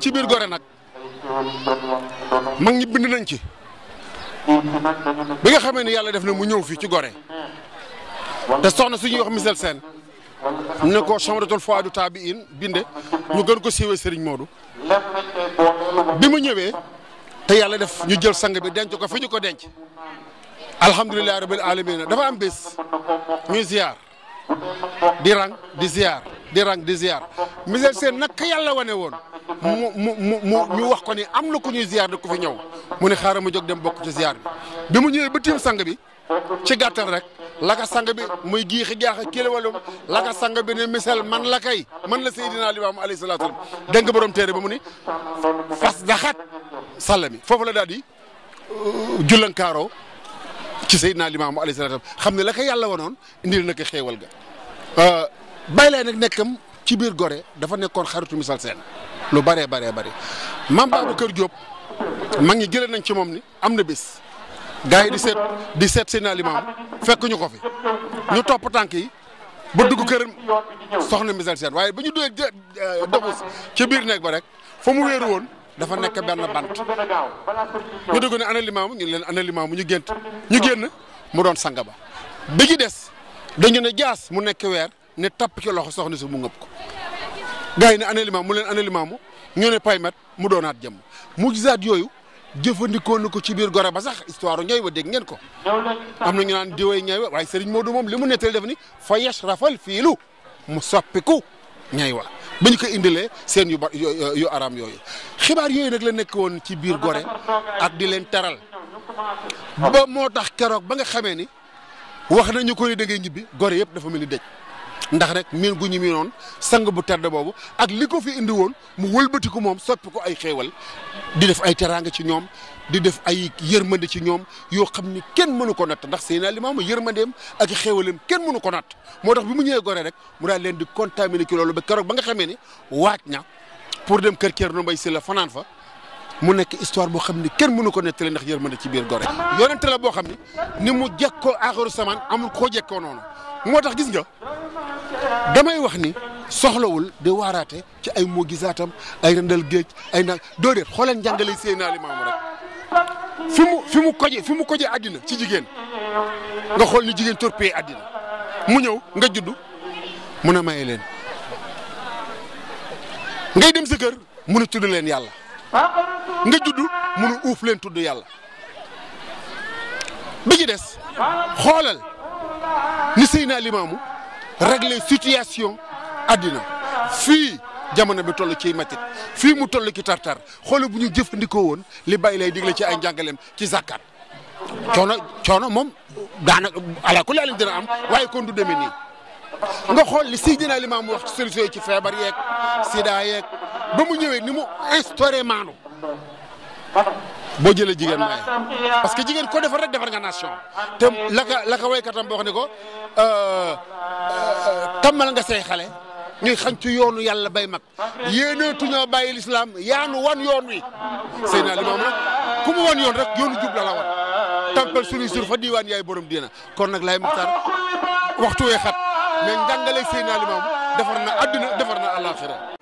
ci biir Gorée nag mag ñi bind nañ ci bi nga xamee ni yàlla def na mu ñëw fii ci Gorée te soxna suñuy wax misel seen ne ko chamratul fuadu tabiin binde ñu gën ko siiwee Serigne moodu bi mu ñëwee te yàlla def ñu jël sang bi denc ko fi ñu ko denc alhamdulilahi rabbil alamin dafa am bés ñuy ziar di rang di ziar di rang di ziar monsieur seen nag yàlla wane woon mu mu mu ñu wax ko ni am na ku ñuy ziar di ku fi ñaw mu ne xaaral mu jog dem bokk ci ziar bi bi mu ñëwee ba tiim sang bi ci gàttal rek laka sang bi muy giixi gaax a kiiwalum laka sang bi ne misal man lakay man la Seydina Limaamu alayhi salaatu wa salaam dégg nga borom téere ba mu ni fas daxat sàll mi foofu la daal di euh, jullankaaroo ci Seydina Limaamu alayhi salaatu wa salaam xam ne la yàlla wanoon indil na ko xéewal Baye Laye nag nekkam ci biir gore dafa nekkoon xaritu Michel Sène lu bëree bëree bëri Mame Babacar Diop ma ngi jëlee nañ ci moom ni am na bés gars yi di seet di seet seen fekk ñu ko fi ñu topp tànk yi ba dugg kër soxna Michel seen waaye ba ñu duggee euh, doxus ci biir néeg ba rek fa mu wéeru woon dafa nekk benn bant ñu dugg ne ana limaam ñu leen ana limaam ñu gént ñu génn mu doon sanga ba bi ci des dañu ne jaas mu nekk weer. ne tapp ci loxo soxna si mu ngëb ko gars yi ne ana mu leen ana limaam mu ñu ne paymat mu doonaat jëm mu gisaat yooyu jëfandikoo na ko ci biir gore ba sax histoire ñooy wa dégg ngeen ko am na ñu naan diwéy ñooy wa waaye moo Modou moom li mu nettali def ni fa yesh rafal fiilu mu soppiku ñay wa bi ñu ko indilee seen yu ba yu araam yooyu xibaar yooyu nag la nekk woon ci biir gore ak di leen teral ba moo tax keroog ba nga xamee ni wax nañu ko ni da ngay ñibbi gore yëpp dafa mel ni ndax rek miin gu ñu miinoon sang bu tedd boobu ak li ko fi indi woon mu wëlbati ko moom soppi ko ay xéewal di def ay teraanga ci ñoom di def ay yërmande ci ñoom yoo xam ni kenn mënu ko natt ndax Seydina Limaamu yërmandeem ak xéewaleem kenn mënu ko natt moo tax bi mu ñëwee gore rek mu daal leen di contaminé ci loolu ba keroog ba nga xamee ni waat na pour dem kër Thierno Mbaye Sylla fanaan fa mu nekk histoire boo xam ni kenn mënu ko nettali ndax yërmande ci biir Gorée. yonente boo xam ni ni mu jekkoo aaxiru samaan amul koo jekkoo noonu moo tax gis nga. damay wax ni soxlawul di waaraate ci ay moogisaatam ay rëndal géej ay naag doo déet xooleen njàngale Seydina Limaamu rek fi mu fi mu fi mu koje àddina ci jigéen nga xool ni jigéen torpillé àddina mu ñëw nga juddu mun a maye leen ngay dem si kër mun a tudd leen yàlla nga juddu mun a uuf leen tudd yàlla bi ci des xoolal ni Seydina Limaamu régler situation àddina fii jamono bi toll ci matit fii mu toll ci tartar xoolal bu ñu jëfandikoo woon li bay lay digle ci ay njàngaleem ci zakkaat coono coono moom daanaka ala kulli alim dina am waaye kon du demee nii nga xool li Seydina Limaamu wax ci ci feebar yeeg sida yeeg ba mu ñëwee ni mu instauré maanu boo jëlee jigéen maye parce que jigéen ko defar rek defar nga nation te laka ka la ka waykatam boo wax ne ko euh, euh, tàmmal nga say xale ñuy xancu yoonu yàlla bay mag yéeneetuñoo bàyyi lislaam yaanu wan yoon wi sëy naa limaam nag ku mu wan yoon rek yoonu jub la la wan tampal suñuy sur fa diiwaan yaay borom diina kon nag lay maxtaan waxtu wee xat mais njàngale sëy naa limaam defar na adduna defar na àllaaxira